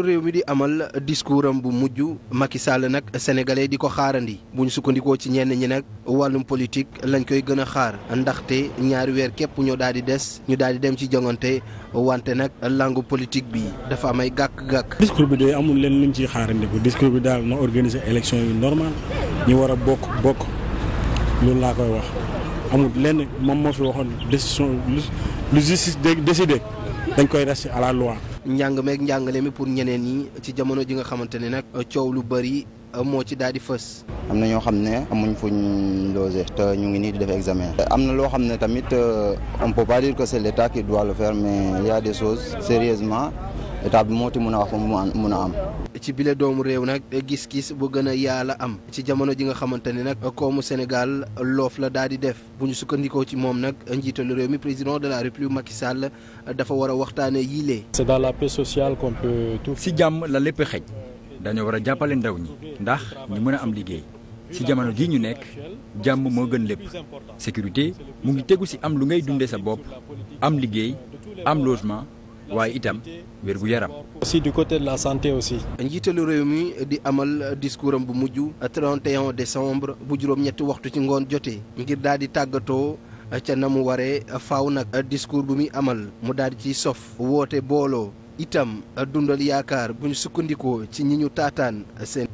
njiitu réew mi di amal discours am bu mujj Macky Sall nag sénégalais di ko xaarandi bu ñu sukkandikoo ci ñenn ñi nag wàllum politique lañ koy gën a xaar ndaxte ñaari weer képp ñoo daal di des ñu daal di dem ci jongante wante nag langue politique bi dafa am ay gàkk-gàkk. discours bi de amul leen luñ ciy xaarandi ko discours bi daal na organiser élection yu normal ñu war a bokk bokk loolu laa koy wax amul lenn moom moo fi waxoon décision lu justice dañ koy rester à la loi. njàng meek njàngale mi pour ñeneen ñi ci jamono ji nga xamante ne nag coow lu bëri euh, moo ci daal di fës. am na ñoo xam ne amuñ fuñ logé te ñu ngi nii di def examen. am na loo xam ne tamit euh, on peut pas dire que c'est l'état doit le faire mais il y a des choses sérieusement état bi moo ti mun a wax mu mun a am. ci bile doomu réew nag gis-gis bu gën a yaala am ci jamono ji nga xamante ne nag koomu Sénégal loof la daal di def bu ñu sukkandikoo ci moom nag njiitalu réew mi président de la république Macky Sall dafa war a waxtaanee yile. la paix sociale qu'on peut si jàmm la lépp xëj dañoo war a jàppale ndaw ñi ndax ñu mën a am liggéey ci jamono ji ñu nekk jàmm moo gën lépp sécurité mu ngi tegu ci am lu ngay dundee sa bopp am liggéey am logement. waaye itam wér gu yaram. aussi du côté la santé aussi. njiitalu réew mi di amal discours bu mujj 31 décembre bu juróom-ñetti waxtu ci ngoon jote ngir daal di tàggatoo. ca na mu waree faw nag discours bu muy amal mu daal di ciy sof woote booloo itam dundal yaakaar bu ñu sukkandikoo ci ñi ñu taataan seen